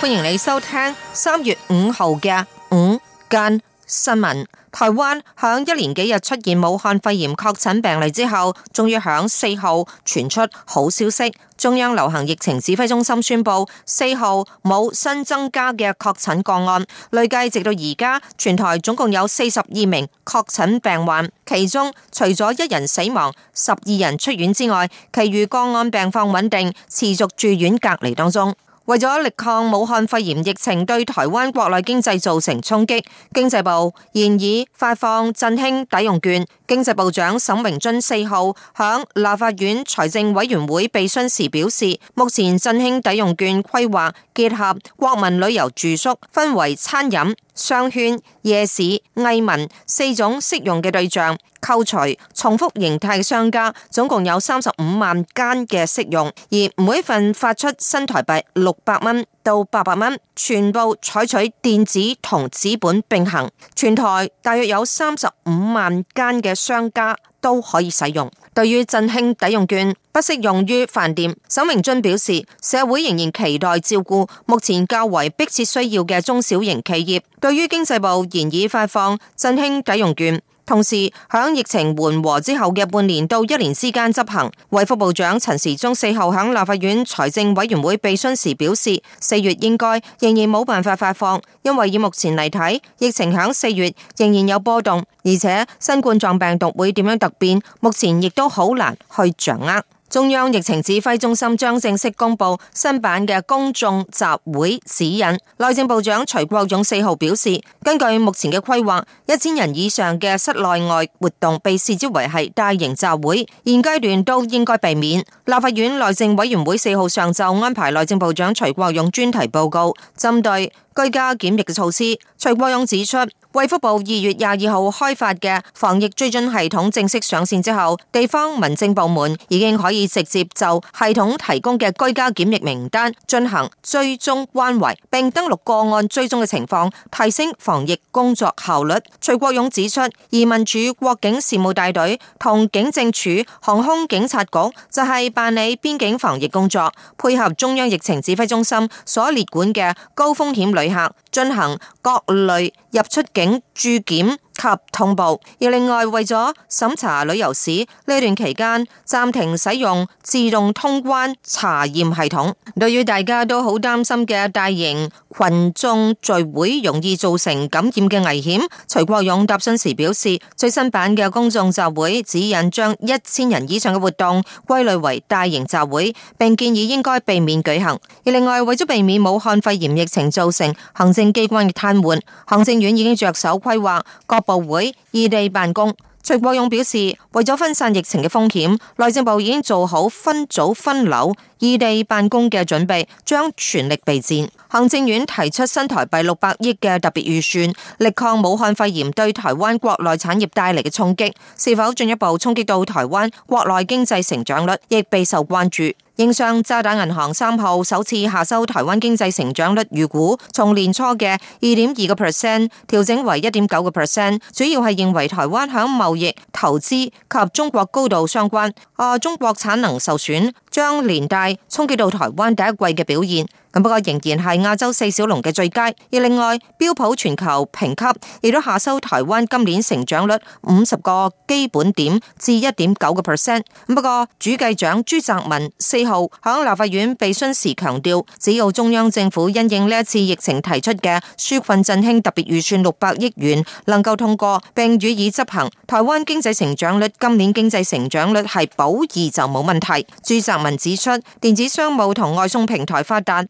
歡迎你收聽三月五號嘅午間新聞。台灣響一連幾日出現武漢肺炎確診病例之後，終於響四號傳出好消息。中央流行疫情指揮中心宣布，四號冇新增加嘅確診個案，累計直到而家全台總共有四十二名確診病患。其中除咗一人死亡、十二人出院之外，其餘個案病況穩定，持續住院隔離當中。為咗力抗武漢肺炎疫情對台灣國內經濟造成衝擊，經濟部現已發放振興抵用券。經濟部長沈榮津四號響立法院財政委員會備詢時表示，目前振興抵用券規劃結合國民旅遊住宿，分為餐飲。商圈、夜市、藝文四種適用嘅對象，扣除重複形態嘅商家，總共有三十五萬間嘅適用，而每份發出新台幣六百蚊到八百蚊，全部採取電子同紙本並行，全台大約有三十五萬間嘅商家都可以使用。對於振興抵用券不適用於飯店，沈榮津表示，社會仍然期待照顧目前較為迫切需要嘅中小型企業，對於經濟部現已發放振興抵用券。同時，響疫情緩和之後嘅半年到一年之間執行。衛福部長陳時中四號響立法院財政委員會備詢時表示，四月應該仍然冇辦法發放，因為以目前嚟睇，疫情響四月仍然有波動，而且新冠狀病毒會點樣突變，目前亦都好難去掌握。中央疫情指揮中心將正式公布新版嘅公眾集會指引。內政部長徐國勇四號表示，根據目前嘅規劃，一千人以上嘅室內外活動被視之為係大型集會，現階段都應該避免。立法院內政委員會四號上晝安排內政部長徐國勇專題報告，針對。居家檢疫嘅措施，徐國勇指出，衛福部二月廿二號開發嘅防疫追蹤系統正式上線之後，地方民政部門已經可以直接就系統提供嘅居家檢疫名單進行追蹤關懷，並登錄個案追蹤嘅情況，提升防疫工作效率。徐國勇指出，移民署國境事務大隊同警政署航空警察局就係辦理邊境防疫工作，配合中央疫情指揮中心所列管嘅高風險旅客進行各類入出境查驗。及通報。而另外，為咗審查旅遊史，呢段期間暫停使用自動通關查驗系統。對於大家都好擔心嘅大型群眾聚會容易造成感染嘅危險，徐國勇答詢時表示，最新版嘅公眾集會指引將一千人以上嘅活動歸類為大型集會，並建議應該避免舉行。而另外，為咗避免武漢肺炎疫情造成行政機關嘅癱瘓，行政院已經着手規劃各部會異地辦公，徐國勇表示，為咗分散疫情嘅風險，內政部已經做好分組分流。異地辦公嘅準備，將全力備戰。行政院提出新台幣六百億嘅特別預算，力抗武漢肺炎對台灣國內產業帶嚟嘅衝擊。是否進一步衝擊到台灣國內經濟成長率，亦備受關注。英商渣打銀行三號首次下修台灣經濟成長率預估，從年初嘅二點二個 percent 調整為一點九個 percent，主要係認為台灣響貿易、投資及中國高度相關。啊，中國產能受損。將連帶衝擊到台灣第一季嘅表現。咁不過仍然係亞洲四小龍嘅最佳，而另外，標普全球評級亦都下收台灣今年成長率五十個基本點至一點九個 percent。不過主計長朱澤民四號響立法院備詢時強調，只要中央政府因應呢一次疫情提出嘅紓困振興特別預算六百億元能夠通過並予以執行，台灣經濟成長率今年經濟成長率係保二就冇問題。朱澤民指出，電子商務同外送平台發達。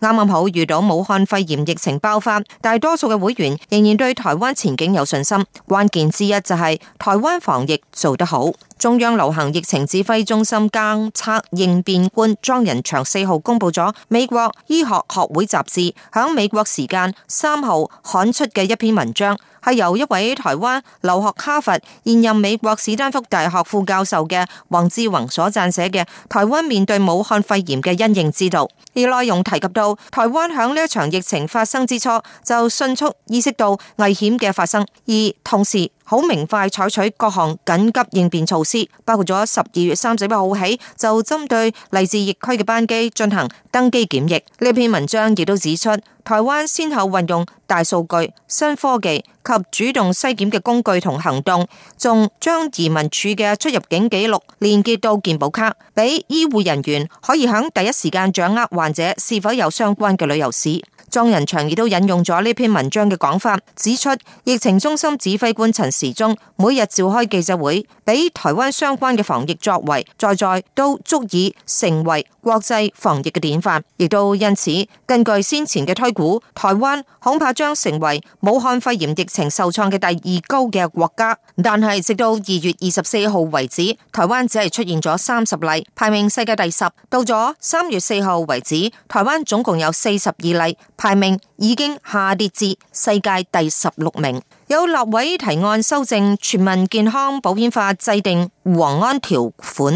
啱啱好遇到武漢肺炎疫情爆發，大多數嘅會員仍然對台灣前景有信心。關鍵之一就係、是、台灣防疫做得好。中央流行疫情指揮中心監測應變官莊仁祥四號公布咗美國醫學學會雜誌響美國時間三號刊出嘅一篇文章。係由一位台灣留學哈佛、現任美國史丹福大學副教授嘅黃志宏所撰寫嘅《台灣面對武漢肺炎嘅因應之道》，而內容提及到台灣響呢一場疫情發生之初就迅速意識到危險嘅發生，而同時。好明快採取各項緊急應變措施，包括咗十二月三十一號起就針對嚟自疫區嘅班機進行登機檢疫。呢篇文章亦都指出，台灣先後運用大數據、新科技及主動篩檢嘅工具同行動，仲將移民署嘅出入境記錄連結到健保卡，俾醫護人員可以響第一時間掌握患者是否有相關嘅旅遊史。莊仁祥亦都引用咗呢篇文章嘅講法，指出疫情中心指揮官陳時中每日召開記者會，俾台灣相關嘅防疫作為在在都足以成為國際防疫嘅典範，亦都因此根據先前嘅推估，台灣恐怕將成為武漢肺炎疫情受創嘅第二高嘅國家。但係直到二月二十四號為止，台灣只係出現咗三十例，排名世界第十。到咗三月四號為止，台灣總共有四十二例。排名已經下跌至世界第十六名，有立委提案修正全民健康保險法，制定黃安條款，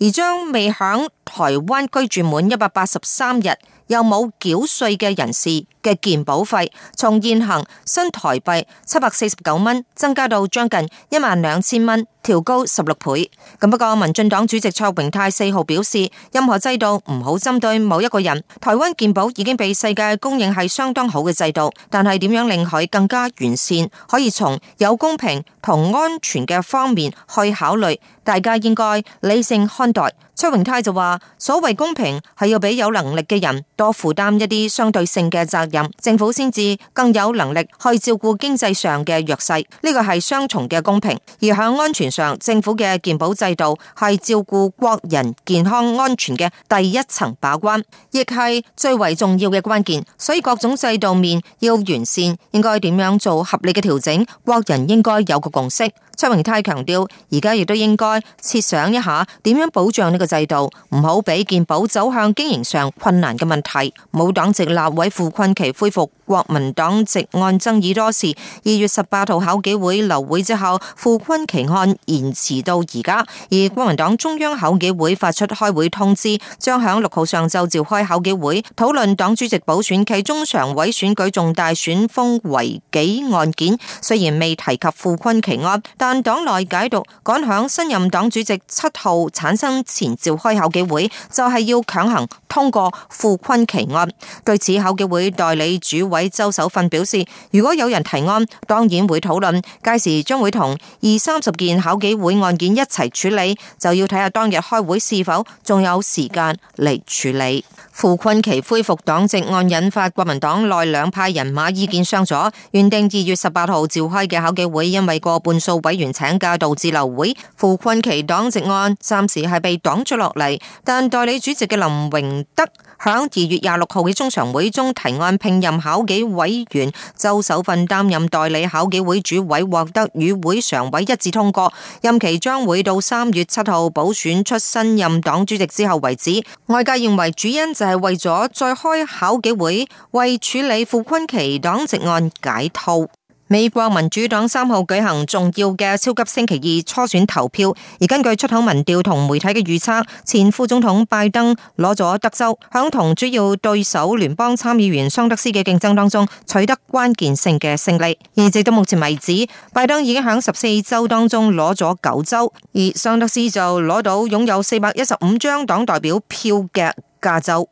而將未喺台灣居住滿一百八十三日又冇繳稅嘅人士。嘅健保費從現行新台幣七百四十九蚊增加到將近一萬兩千蚊，調高十六倍。咁不過民進黨主席卓榮泰四號表示，任何制度唔好針對某一個人。台灣健保已經被世界公認係相當好嘅制度，但係點樣令佢更加完善，可以從有公平同安全嘅方面去考慮。大家應該理性看待。卓榮泰就話：所謂公平係要俾有能力嘅人多負擔一啲相對性嘅責任。政府先至更有能力去照顧經濟上嘅弱勢，呢個係雙重嘅公平。而響安全上，政府嘅健保制度係照顧國人健康安全嘅第一層把關，亦係最為重要嘅關鍵。所以各種制度面要完善，應該點樣做合理嘅調整，國人應該有個共識。卓榮泰強調，而家亦都應該設想一下點樣保障呢個制度，唔好俾健保走向經營上困難嘅問題。冇黨籍立委傅崑萁恢復國民黨籍案爭議多時，二月十八號考紀會流會之後，傅崑萁案延遲到而家。而國民黨中央考紀會發出開會通知，將響六號上晝召開考紀會，討論黨主席補選、暨中常委選舉、重大選風違紀案件。雖然未提及傅崑萁案，但黨內解讀趕響新任黨主席七號產生前召開考紀會，就係、是、要強行通過傅崑萁案。對此，考紀會代理主委周守訓表示，如果有人提案，當然會討論，屆時將會同二三十件考紀會案件一齊處理，就要睇下當日開會是否仲有時間嚟處理傅崑萁恢復黨籍案引發國民黨內兩派人馬意見相左，原定二月十八號召開嘅考紀會，因為過半數委委員請假導致流會，傅崑萁黨籍案暫時係被擋咗落嚟。但代理主席嘅林榮德響二月廿六號嘅中常會中提案聘任考紀委員，周守訓擔任代理考紀會主委，獲得與會常委一致通過。任期將會到三月七號補選出新任黨主席之後為止。外界認為主因就係為咗再開考紀會，為處理傅崑萁黨籍案解套。美國民主黨三號舉行重要嘅超級星期二初選投票，而根據出口民調同媒體嘅預測，前副總統拜登攞咗德州，響同主要對手聯邦參議員桑德斯嘅競爭當中取得關鍵性嘅勝利。而直到目前為止，拜登已經響十四州當中攞咗九州，而桑德斯就攞到擁有四百一十五張黨代表票嘅加州。